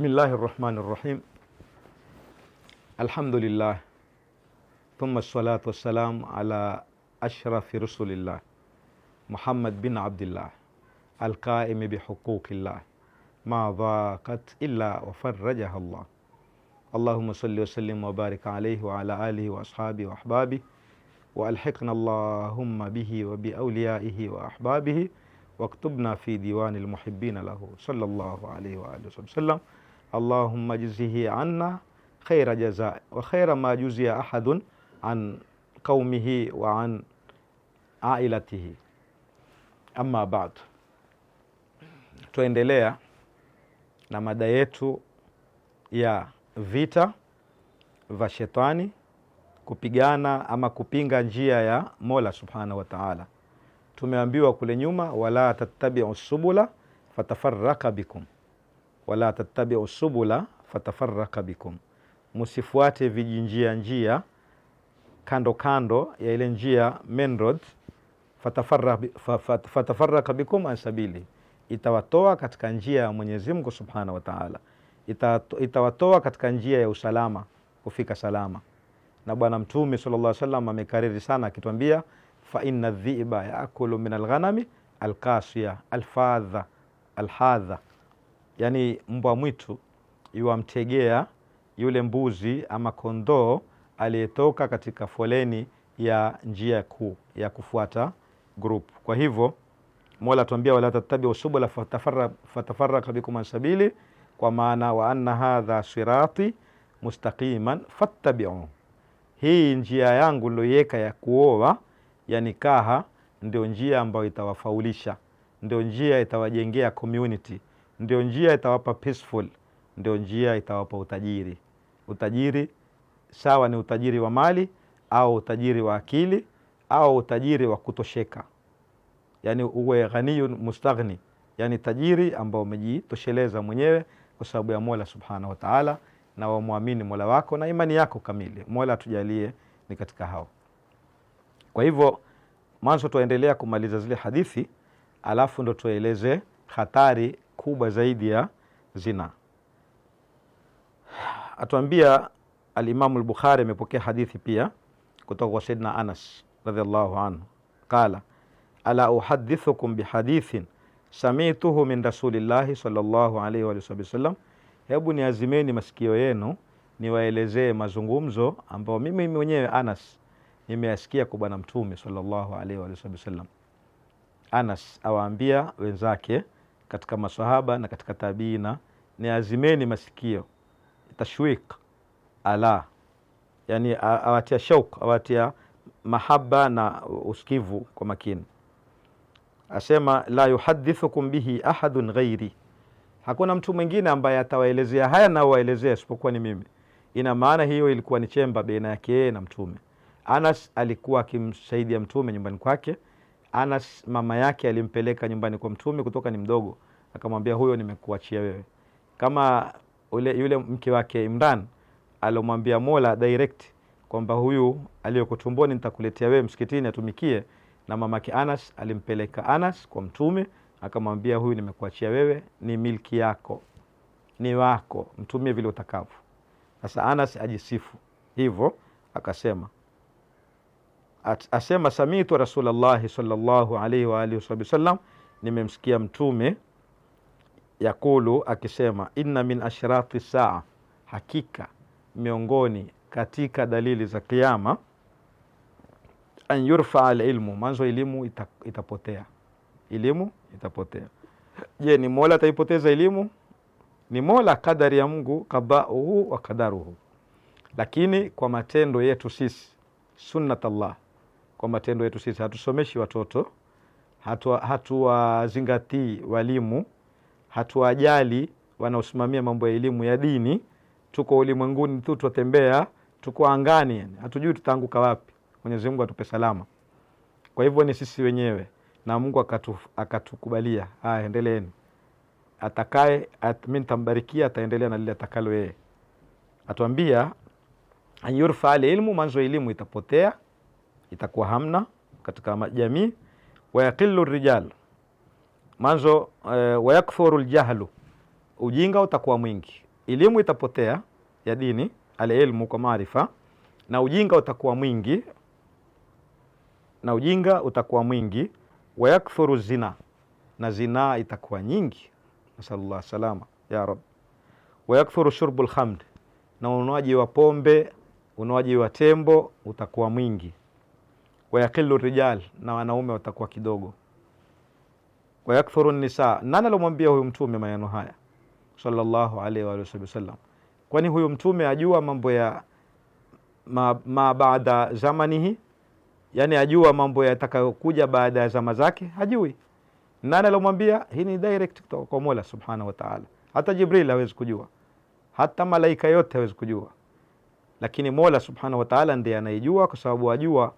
بسم الله الرحمن الرحيم الحمد لله ثم الصلاة والسلام على أشرف رسل الله محمد بن عبد الله القائم بحقوق الله ما ضاقت إلا وفرجها الله اللهم صل وسلم وبارك عليه وعلى آله وأصحابه وأحبابه وألحقنا اللهم به وبأوليائه وأحبابه واكتبنا في ديوان المحبين له صلى الله عليه وآله وسلم allahumma jzihi anna khaira jaza wa khaira ma juzia ahadun an qaumihi wa an ailatihi. Amma ba'du, tuendelea na mada yetu ya vita vya shetani, kupigana ama kupinga njia ya Mola subhanahu wa ta'ala. Tumeambiwa kule nyuma, wala tattabi'u subula fatafarraka bikum wala tattabiu subula fatafaraka bikum, musifuate vijinjia njia kando kando ya ile njia main road, fatafaraka bikum an sabili, itawatoa katika njia ya Mwenyezi Mungu Subhanahu wa Ta'ala, itawatoa katika njia ya usalama kufika salama. Na Bwana Mtume sallallahu alaihi wasallam amekariri sana akitwambia, fa inna dhiba yaakulu min alghanami alkasiya alfadha alhadha yani mbwa mwitu iwamtegea yule mbuzi ama kondoo aliyetoka katika foleni ya njia kuu ya kufuata grupu. Kwa hivyo Mola tuambia, wala tattabiu subula fatafaraka bikum ansabili kwa maana wa anna hadha sirati mustaqiman fattabiu, hii njia yangu niloiweka ya kuoa yani kaha ndio njia ambayo itawafaulisha, ndio njia itawajengea community ndio njia itawapa peaceful, ndio njia itawapa utajiri. Utajiri sawa ni utajiri wa mali au utajiri wa akili au utajiri wa kutosheka, yaani uwe ghaniyun mustaghni, yaani tajiri ambao umejitosheleza mwenyewe kwa sababu ya Mola subhanahu wa taala, na wamwamini Mola wako na imani yako kamili. Mola atujalie ni katika hao. Kwa hivyo mwanzo tuendelea kumaliza zile hadithi, alafu ndo tueleze hatari kubwa zaidi ya zina. Atuambia alimamu al-Bukhari amepokea hadithi pia kutoka kwa Saidina Anas radhiallahu anhu qala ala uhadithukum bihadithin samituhu min rasulillahi sallallahu alaihi wa alihi wasallam, hebu niazimeni masikio yenu niwaelezee mazungumzo ambayo mimi mwenyewe Anas nimeyasikia kwa Bwana Mtume sallallahu alaihi wa alihi wasallam. Anas awaambia wenzake katika masahaba na katika tabiina, ni azimeni masikio tashwik ala, yani awatia shauk, awatia mahaba na usikivu kwa makini. Asema la yuhadithukum bihi ahadun ghairi, hakuna mtu mwingine ambaye atawaelezea haya naowaelezea isipokuwa ni mimi. Ina maana hiyo ilikuwa ni chemba baina yake yeye na Mtume. Anas alikuwa akimsaidia Mtume nyumbani kwake Anas mama yake alimpeleka nyumbani kwa Mtume kutoka ni mdogo, akamwambia huyo nimekuachia wewe, kama ule, yule mke wake Imran alomwambia Mola direct kwamba huyu aliyokutumboni nitakuletea wewe msikitini atumikie. Na mamake Anas alimpeleka Anas kwa Mtume akamwambia huyu nimekuachia wewe, ni milki yako, ni wako, mtumie vile utakavyo. Sasa Anas ajisifu hivyo akasema asema samitu rasulallahi sallallahu alaihi wa alihi wasallam, nimemsikia mtume yakulu akisema, inna min ashrati saa, hakika miongoni katika dalili za kiyama, an yurfaa alilmu, mwanzo elimu itapotea. Elimu itapotea. Je, ni mola ataipoteza elimu? Ni mola, kadari ya Mungu, qadauhu wa qadaruhu, lakini kwa matendo yetu sisi, sunnatullah kwa matendo yetu sisi. Hatusomeshi watoto, hatuwazingatii hatu walimu, hatuwajali wanaosimamia mambo ya elimu ya dini. Tuko ulimwenguni tu, twatembea, tuko angani, yani hatujui tutaanguka wapi. Mwenyezi Mungu atupe salama. Kwa hivyo ni sisi wenyewe na Mungu akatu, akatukubalia. Haya, endeleeni atakaye at, mimi nitambarikia ataendelea na lile atakalo yeye. Atuambia anyurfa ilmu manzo, elimu itapotea itakuwa hamna katika jamii. Wayaqilu rijal manzo, uh, eh, wayakthuru ljahlu, ujinga utakuwa mwingi, elimu itapotea ya dini, alilmu kwa maarifa, na ujinga utakuwa mwingi, na ujinga utakuwa mwingi. Wayakthuru zina, na zinaa itakuwa nyingi. Nasalullah salama ya rab. Wayakthuru shurbu lhamd, na unwaji wa pombe, unwaji wa tembo utakuwa mwingi wayakilu rijal, na wanaume watakuwa kidogo. Wayakthuru nisa, nani alomwambia huyu mtume maneno haya sallallahu alaihi wa alihi wasallam? Kwani huyu mtume ajua mambo ya ma, ma baada zamanihi, yani ajua mambo yatakayokuja baada ya zama zake? Hajui. Nani alomwambia? Hii ni direct kutoka kwa Mola subhanahu wa taala. Hata Jibril hawezi kujua, hata malaika yote hawezi kujua, lakini Mola subhanahu wa taala ndiye anayejua, kwa sababu ajua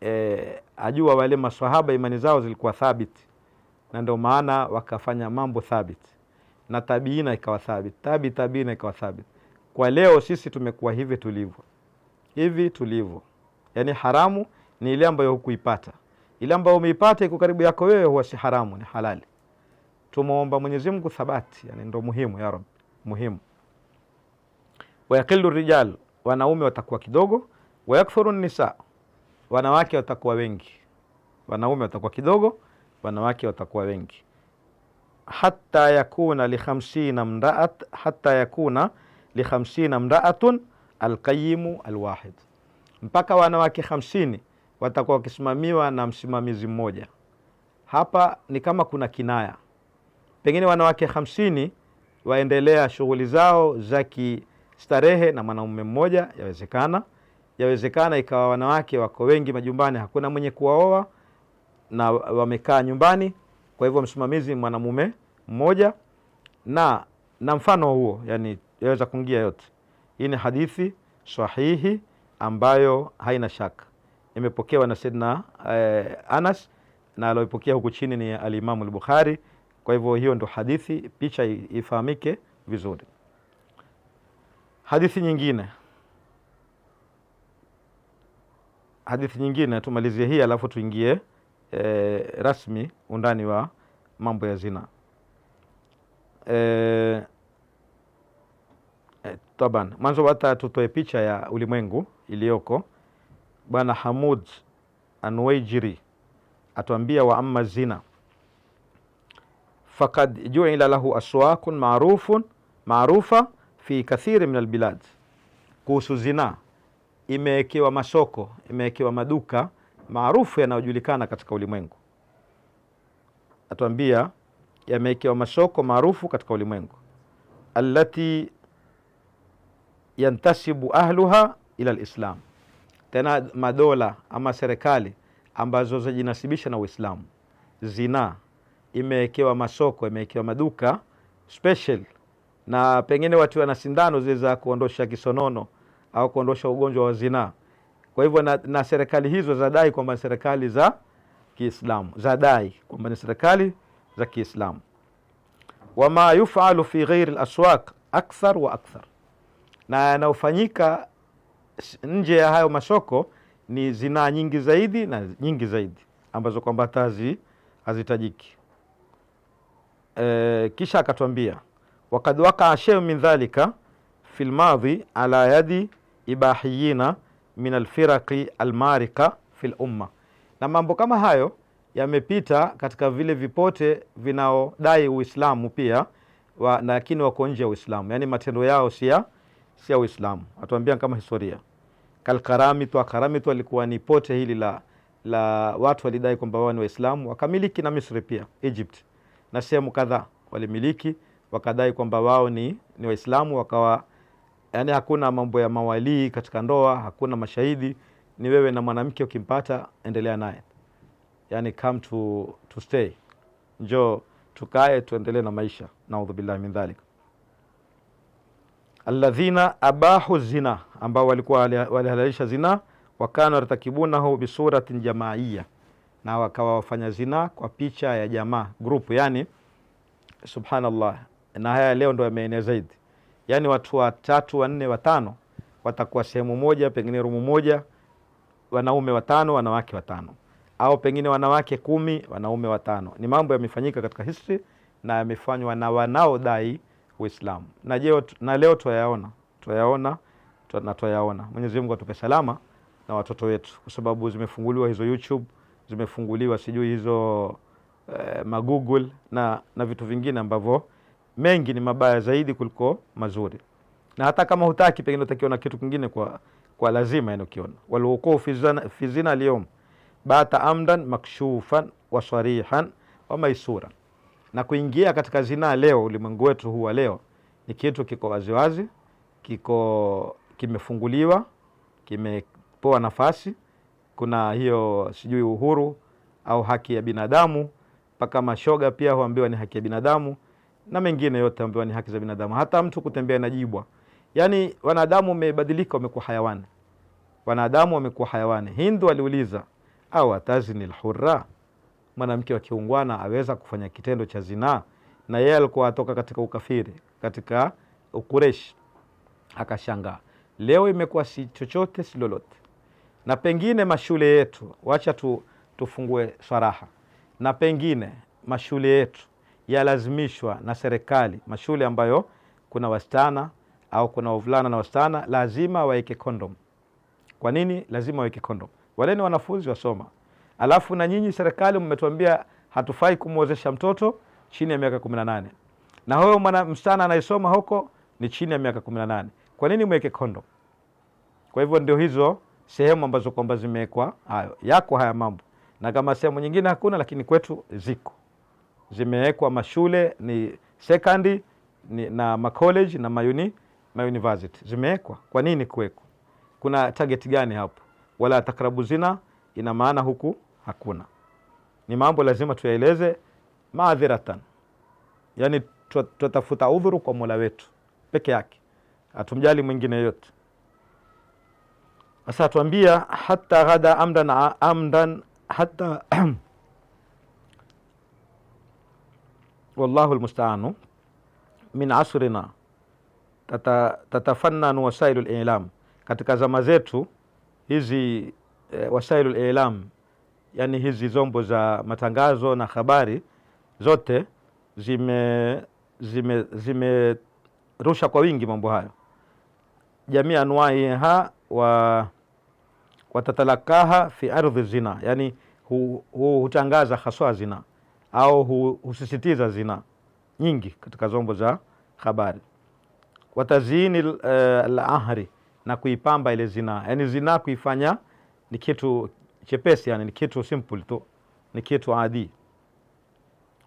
e, ajua wale maswahaba imani zao zilikuwa thabiti, na ndio maana wakafanya mambo thabiti na tabiina ikawa thabiti, tabi tabiina ikawa thabiti. Kwa leo sisi tumekuwa hivi tulivyo, hivi tulivyo. Yaani haramu ni ile ambayo hukuipata, ile ambayo umeipata iko karibu yako wewe, huwa si haramu, ni halali. tumeomba Mwenyezi Mungu thabati, yani ndio muhimu. Ya Rabbi, muhimu. Wayakilu rijal, wanaume watakuwa kidogo, wayaktharu nisa wanawake watakuwa wengi, wanaume watakuwa kidogo, wanawake watakuwa wengi. hata yakuna li khamsina mraat hatta yakuna li mraatun alqayimu alwahid, mpaka wanawake hamsini watakuwa wakisimamiwa na msimamizi mmoja. Hapa ni kama kuna kinaya, pengine wanawake hamsini waendelea shughuli zao za kistarehe na mwanaume mmoja, yawezekana yawezekana ikawa wanawake wako wengi majumbani, hakuna mwenye kuwaoa na wamekaa nyumbani, kwa hivyo msimamizi mwanamume mmoja na na mfano huo, yani yaweza kuingia yote. Hii ni hadithi sahihi ambayo haina shaka, imepokewa na Saidna eh, Anas na aliyopokea huku chini ni alimamu al-Bukhari. Kwa hivyo hiyo ndo hadithi, picha ifahamike vizuri. Hadithi nyingine hadithi nyingine tumalizie hii, alafu tuingie e, rasmi undani wa mambo ya zina e, e, taban mwanzo wata tutoe picha ya ulimwengu iliyoko. Bwana Hamud anwejiri atuambia, wa amma zina fakad juila lahu aswakun marufun marufa fi kathiri min albilad, kuhusu zina imewekewa masoko, imewekewa maduka maarufu yanayojulikana katika ulimwengu. Atuambia yamewekewa masoko maarufu katika ulimwengu, allati yantasibu ahluha ila alislam, tena madola ama serikali ambazo zajinasibisha na Uislamu. Zina imewekewa masoko, imewekewa maduka special, na pengine watiwa na sindano zile za kuondosha kisonono au kuondosha ugonjwa wa zinaa. Kwa hivyo na, na serikali hizo zadai kwamba ni serikali za Kiislamu, zadai kwamba ni serikali za Kiislamu. Wama yufalu fi ghairi al-aswaq akthar wa akthar, na yanayofanyika nje ya hayo masoko ni zinaa nyingi zaidi na nyingi zaidi ambazo kwamba hata hazitajiki. E, kisha akatwambia wakad wakaa shay min dhalika fi lmadhi ala yadi ibahiyina min alfiraqi almarika fi lumma na mambo kama hayo yamepita katika vile vipote vinaodai Uislamu pia wa, lakini wako nje ya Uislamu, yaani matendo yao si ya Uislamu. Atuambia kama historia kalkaramit akaramit walikuwa ni pote hili la, la watu walidai kwamba wao ni Waislamu, wakamiliki na Misri pia Egypt na sehemu kadhaa walimiliki, wakadai kwamba wao ni, ni Waislamu wakawa yani hakuna mambo ya mawalii katika ndoa, hakuna mashahidi. Ni wewe na mwanamke, ukimpata endelea naye, yani come to, to stay, njo tukae tuendelee na maisha. Naudhu billahi min dhalik. Alladhina abahu zina, ambao walikuwa walihalalisha zina, wakana yartakibunahu bisuratin jamaiya, na wakawa wafanya zina kwa picha ya jamaa grupu, yani subhanallah. Na haya leo ndo yameenea zaidi yaani watu watatu wanne watano watakuwa sehemu moja, pengine rumu moja, wanaume watano wanawake watano, au pengine wanawake kumi wanaume watano. Ni mambo yamefanyika katika history na yamefanywa na wanaodai Uislamu, na na leo twayaona, twayaona na twayaona. mwenyezimungu atupe salama na watoto wetu, kwa sababu zimefunguliwa hizo YouTube, zimefunguliwa sijui hizo eh, magoogle na, na vitu vingine ambavyo mengi ni mabaya zaidi kuliko mazuri, na hata kama hutaki, pengine utakiona kitu kingine kwa, kwa lazima inakiona. walhukuu fi zina alyawm bata amdan makshufan wa sarihan wa maisura na kuingia katika zinaa leo, ulimwengu wetu huu wa leo ni kitu kiko waziwazi, kiko kimefunguliwa, kimepoa nafasi. Kuna hiyo sijui uhuru au haki ya binadamu, mpaka mashoga pia huambiwa ni haki ya binadamu na mengine yote ambayo ni haki za binadamu, hata mtu kutembea na jibwa yani wanadamu wamebadilika, wamekuwa hayawani, wanadamu wamekuwa hayawani. Hindu aliuliza au atazni lhurra, mwanamke wa kiungwana aweza kufanya kitendo cha zinaa? Na yeye alikuwa atoka katika ukafiri, katika ukureshi. Akashangaa. Leo imekuwa si chochote si lolote, na pengine mashule yetu, wacha tu tufungue swaraha, na pengine mashule yetu yalazimishwa na serikali, mashule ambayo kuna wasichana au kuna wavulana na wasichana lazima waweke kondom. Kwa nini lazima waweke kondom? Wale ni wanafunzi wasoma, alafu na nyinyi serikali mmetuambia hatufai kumwozesha mtoto chini ya miaka 18 na huyo mwana msichana anayesoma huko ni chini ya miaka 18. Kwa nini mweke kondom? Kwa hivyo ndio hizo sehemu ambazo kwamba zimewekwa hayo, yako haya mambo, na kama sehemu nyingine hakuna, lakini kwetu ziko zimewekwa mashule ni secondary na macollege na mayuni, mayuniversity zimewekwa. Kwa nini kuwekwa? Kuna target gani hapo? Wala takrabu zina ina maana huku hakuna. Ni mambo lazima tuyaeleze maadhiratan, yaani tutafuta udhuru kwa Mola wetu peke yake, hatumjali mwingine yote. Sasa tuambia hata ghada amdan amdan hata wallahu lmustaanu min asrina tata, tatafannanu wasailu lilam, katika zama zetu hizi e, wasailu lilam, yani hizi zombo za matangazo na habari zote zime zimerusha kwa wingi mambo hayo jamii anwaiha wa watatalakaha fi ardhi zina, yani hutangaza hu, haswa zina au husisitiza zina nyingi katika zombo za habari. Watazini uh, eh, la na kuipamba ile zina, yani zina kuifanya ni kitu chepesi, yani ni kitu simple tu, ni kitu adi.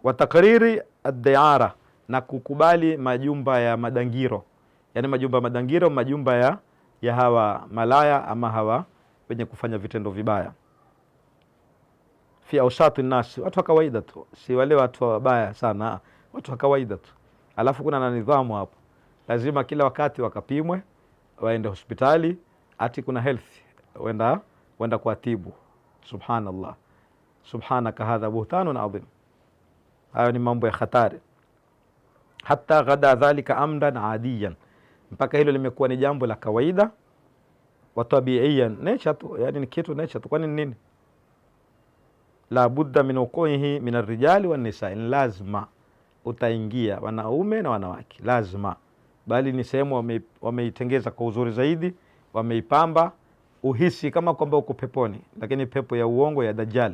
Watakriri adiara na kukubali majumba ya madangiro, yani majumba ya madangiro, majumba ya, ya hawa malaya ama hawa wenye kufanya vitendo vibaya fi ausati nasi, watu wa kawaida tu, si wale watu wabaya sana, watu wa kawaida tu. Alafu kuna na nidhamu hapo, lazima kila wakati wakapimwe, waende hospitali, ati kuna health wenda, wenda kuatibu. Subhanallah, subhanaka hadha buhtanun adhim. Hayo ni mambo ya khatari Hata ghada dhalika amdan adiyan, mpaka hilo limekuwa ni jambo la kawaida watabiian, nature tu, yani ni kitu nature tu. Kwani nini? la budda min uquihi min arrijali wanisai ni lazima utaingia wanaume na wanawake, lazima bali ni sehemu wame, wameitengeza kwa uzuri zaidi, wameipamba uhisi kama kwamba uko peponi, lakini pepo ya uongo ya Dajjal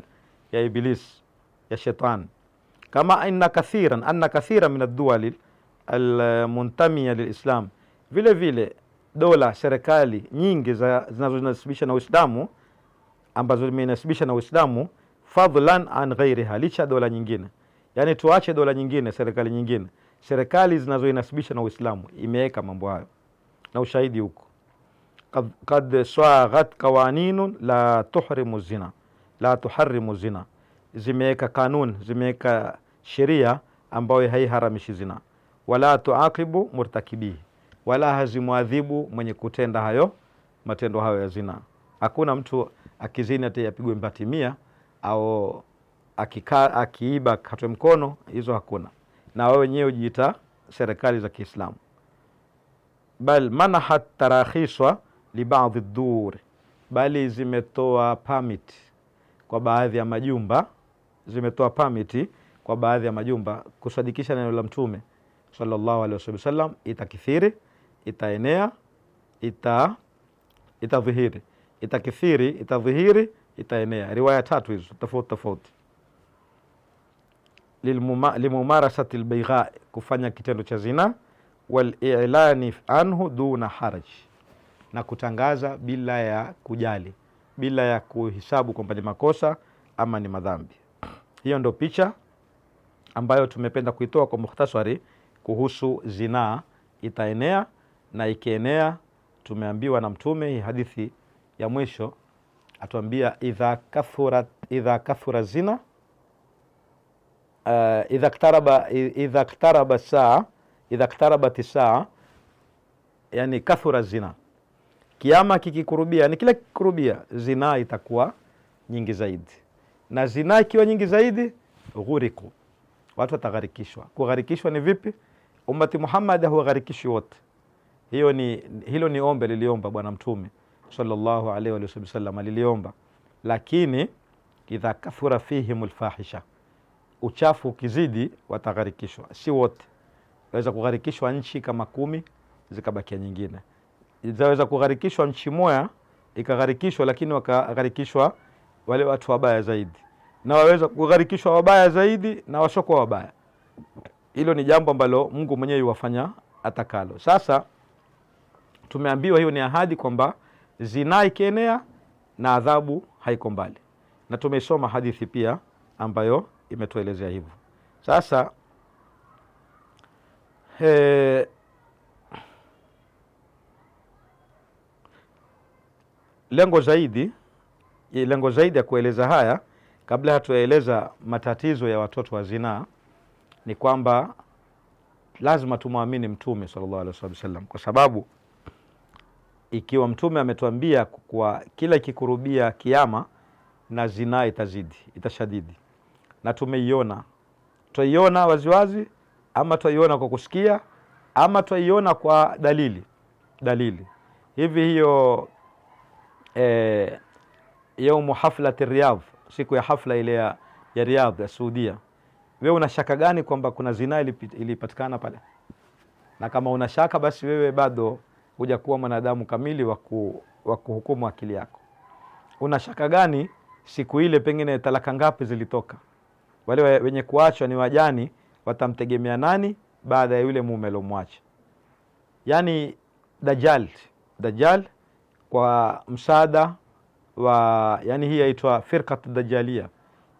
ya Iblis ya shetan Kama inna kathiran anna kathira min ad-duwal al-muntamia lilislam, vile vile dola serikali nyingi zinazonasibisha na Uislamu ambazo zimeinasibisha na Uislamu fadlan an ghairiha, licha dola nyingine. Yani tuache dola nyingine, serikali nyingine, serikali zinazoinasibisha na Uislamu imeweka mambo hayo na ushahidi huko. Kad swaghat qawaninu la tuhrimu zina, la tuharimu zina, zimeweka kanun, zimeweka sheria ambayo haiharamishi zina, wala tuaqibu murtakibihi, wala hazimwadhibu mwenye kutenda hayo matendo hayo ya zina. Hakuna mtu akizini atayapigwe mbati mia au akika, akiiba katwe mkono, hizo hakuna. Na wao wenyewe hujiita serikali za Kiislamu, bal manahat tarakhisa li baadhi dhur, bali zimetoa permit kwa baadhi ya majumba, zimetoa permit kwa baadhi ya majumba kusadikisha neno la Mtume sallallahu alaihi wasallam, itakithiri, itaenea, ita itadhihiri, itakithiri, itadhihiri itaenea riwaya tatu hizo tofauti tofauti. Limumarasati lbeigha, kufanya kitendo cha zina, walilani anhu duna haraj, na kutangaza bila ya kujali, bila ya kuhisabu kwamba ni makosa ama ni madhambi. Hiyo ndio picha ambayo tumependa kuitoa kwa mukhtasari kuhusu zinaa itaenea, na ikienea, tumeambiwa na Mtume hii hadithi ya mwisho atuambia idha kathura, idha kathura zina uh, idha ktaraba, idha ktaraba saa idha ktarabat saa, yani kathura zina, kiama kikikurubia, yani kila kikikurubia, zinaa itakuwa nyingi zaidi, na zinaa ikiwa nyingi zaidi, ghuriku, watu watagharikishwa. Kugharikishwa ni vipi? Ummati Muhammad hawagharikishwi wote. Hiyo ni, hilo ni ombe liliomba Bwana Mtume sallallahu alaihi wa sallam aliliomba, lakini idha kathura fihim lfahisha, uchafu ukizidi watagharikishwa. Si wote waweza kugharikishwa, nchi kama kumi zikabakia nyingine, zaweza kugharikishwa nchi moya ikagharikishwa, lakini wakagharikishwa wale watu wabaya zaidi, na waweza kugharikishwa wabaya zaidi na washokuwa wabaya. Hilo ni jambo ambalo Mungu mwenyewe yuwafanya atakalo. Sasa tumeambiwa hiyo ni ahadi kwamba zinaa ikienea na adhabu haiko mbali, na tumesoma hadithi pia ambayo imetuelezea hivyo. Sasa he, lengo zaidi lengo zaidi ya kueleza haya kabla hatuyaeleza matatizo ya watoto wa zinaa ni kwamba lazima tumwamini Mtume sallallahu alaihi wasallam kwa sababu ikiwa Mtume ametuambia kwa kila ikikurubia kiama na zinaa itazidi itashadidi, na tumeiona, twaiona waziwazi, ama twaiona kwa kusikia, ama twaiona kwa dalili dalili hivi. Hiyo eh, yaumu haflati Riyadh, siku ya hafla ile ya Riyadh ya Saudia, wewe una shaka gani kwamba kuna zinaa ilipatikana pale? Na kama una shaka basi wewe bado huja kuwa mwanadamu kamili wa kuhukumu akili yako. Una shaka gani? Siku ile pengine talaka ngapi zilitoka? Wale wenye kuachwa ni wajani, watamtegemea nani baada ya yule mume alomwacha? Yaani Dajjal, Dajjal kwa msaada wa yani, hii yaitwa firqat Dajjalia,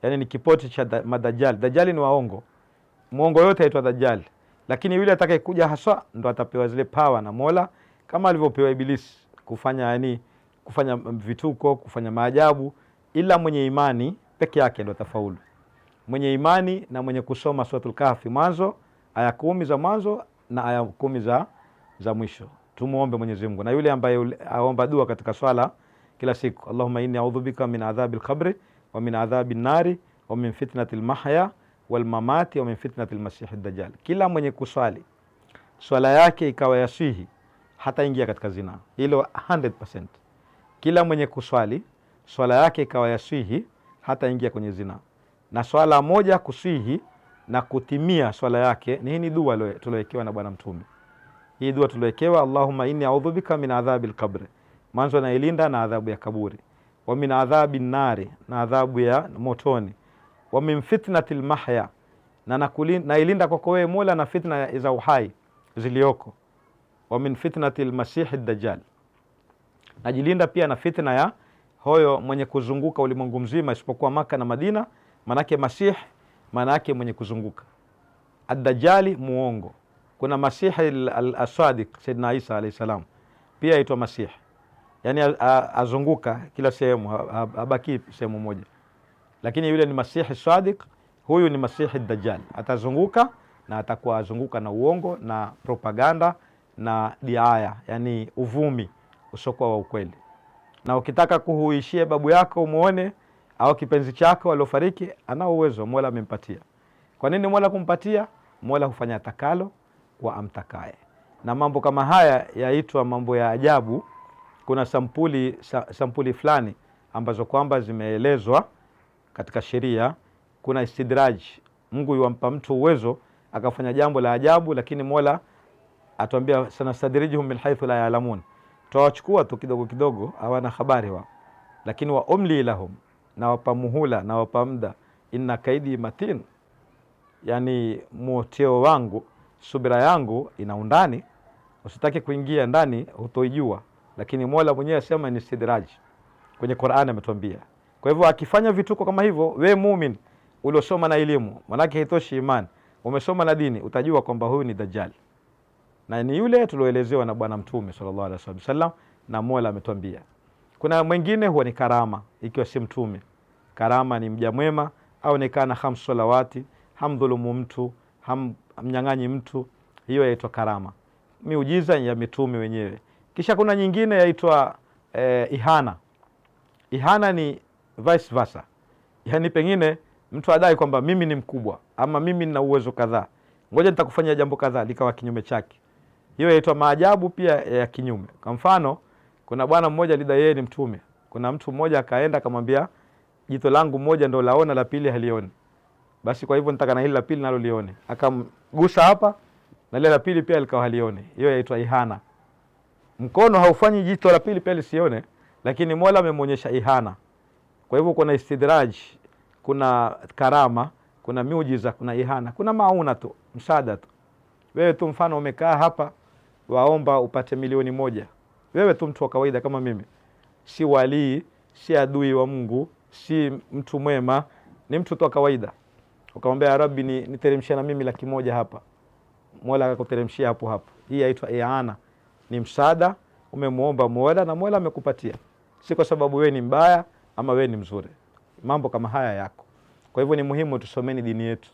yani ni kipoti cha da, madajjal. Dajjali ni waongo, mwongo yote aitwa Dajjal, lakini yule atakayekuja haswa ndo atapewa zile pawa na Mola kama alivyopewa Ibilisi kufanya yani, kufanya vituko, kufanya maajabu, ila mwenye imani peke yake ndo tafaulu. Mwenye imani na mwenye kusoma Suratul Kahfi mwanzo aya kumi za mwanzo na aya kumi za, za mwisho. Tumuombe Mwenyezi Mungu na yule ambaye aomba dua katika swala kila siku, Allahumma inni a'udhu bika min adhabi al-qabri wa min adhabi an-nari wa min fitnati al-mahya wal mamati wa min fitnati al-masih ad-dajjal. Kila mwenye kuswali swala yake ikawa yasihi hataingia katika zina, hilo 100%. Kila mwenye kuswali swala yake ikawa yaswihi hataingia kwenye zina, na swala moja kuswihi na kutimia swala yake ni hii, ni dua tuliowekewa na Bwana Mtume. Hii dua tuliowekewa, Allahumma inni a'udhu bika min adhabi al-qabr, manzo nailinda na adhabu ya kaburi, wa min adhabi nari, na adhabu ya motoni, wa min fitnati lmahya, na nailinda kwako wewe Mola na fitna za uhai zilioko wa min fitnati lmasihi dajjal, najilinda pia na fitna ya hoyo mwenye kuzunguka ulimwengu mzima isipokuwa Maka na Madina. Manake masih maana yake mwenye kuzunguka, adajali muongo. Kuna masihi asadiq, saidna Isa alayhi salam pia aitwa masihi, yani azunguka kila sehemu, abaki sehemu moja, lakini yule ni masihi sadiq, huyu ni masihi dajjal, atazunguka na atakuwa azunguka na uongo na propaganda na diaya, yani uvumi usiokuwa wa ukweli. Na ukitaka kuhuishie babu yako umuone, au kipenzi chako aliofariki, anao uwezo, Mola amempatia. Kwa nini Mola kumpatia? Mola hufanya atakalo kwa amtakaye, na mambo kama haya yaitwa mambo ya ajabu. Kuna sampuli, sampuli fulani ambazo kwamba zimeelezwa katika sheria. Kuna istidraj, Mungu yuwampa mtu uwezo akafanya jambo la ajabu, lakini Mola atuambia sanastadrijuhum min haithu la yalamun, tawachukua tu kidogo kidogo, hawana habari wa lakini wa umli lahum, na wapa muhula na wapa muda, inna kaidi matin, yani mwoteo wangu subira yangu ina undani, usitaki kuingia ndani hutoijua, lakini Mola mwenyewe asema ni sidraji kwenye Qur'ani ametuambia. Kwa hivyo akifanya vituko kama hivyo, we mumin uliosoma na elimu, manake haitoshi imani, umesoma na dini, utajua kwamba huyu ni dajali na ni yule tulioelezewa na Bwana Mtume sallallahu alaihi wasallam, na Mola ametuambia. Kuna mwingine huwa ni karama, ikiwa si mtume. Karama ni mja mwema au nikana hamsu salawati, hamdhulumu mtu, hamnyang'anyi mtu, hiyo yaitwa karama, miujiza ya mitume wenyewe. Kisha kuna nyingine yaitwa eh, ihana. Ihana ni vice versa, yani pengine mtu adai kwamba mimi ni mkubwa ama mimi nina uwezo kadhaa, ngoja nitakufanyia jambo kadhaa, likawa kinyume chake. Hiyo inaitwa maajabu pia ya kinyume. Kwa mfano, kuna bwana mmoja lida yeye ni mtume. Kuna mtu mmoja akaenda akamwambia, jito langu moja ndo laona, la pili halioni. Basi kwa hivyo nitaka na hili la pili nalo lione. Akamgusa hapa na lile la pili pia likawa halioni. Hiyo inaitwa ihana. Mkono haufanyi jito la pili pia lisione, lakini Mola amemwonyesha ihana. Kwa hivyo kuna istidraj, kuna karama, kuna miujiza, kuna ihana, kuna mauna tu, msaada tu. Wewe tu mfano umekaa hapa waomba upate milioni moja, wewe tu mtu wa kawaida kama mimi, si walii, si adui wa Mungu, si mtu mwema, ni mtu tu wa kawaida, ukamwambia Rabbi, niteremshia na mimi laki moja hapa, Mola akakuteremshia hapo hapo. Hii yaitwa iana, ni msaada. Umemuomba Mola na Mola amekupatia, si kwa sababu wewe ni mbaya ama wewe ni mzuri. Mambo kama haya yako. Kwa hivyo ni muhimu tusomeni dini yetu.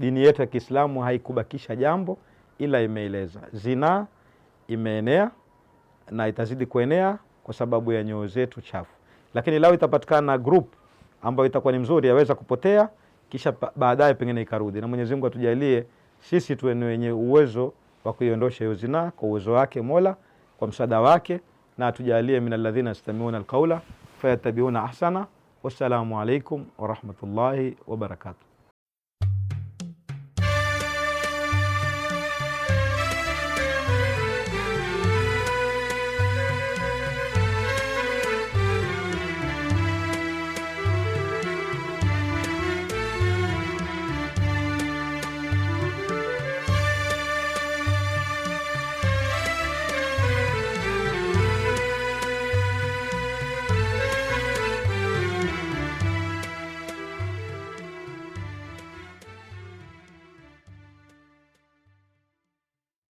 Dini yetu ya Kiislamu haikubakisha jambo, ila imeeleza zinaa imeenea na itazidi kuenea kwa sababu ya nyoo zetu chafu, lakini lao itapatikana group ambayo itakuwa ni mzuri, yaweza kupotea kisha baadaye pengine ikarudi. Na Mwenyezi Mungu atujalie sisi tuwe ni wenye uwezo wa kuiondosha hiyo zinaa kwa uwezo wake Mola, kwa msaada wake, na atujalie min alladhina yastamiuna alqaula fayattabiuna ahsana. Wassalamu alaikum warahmatullahi wabarakatuh.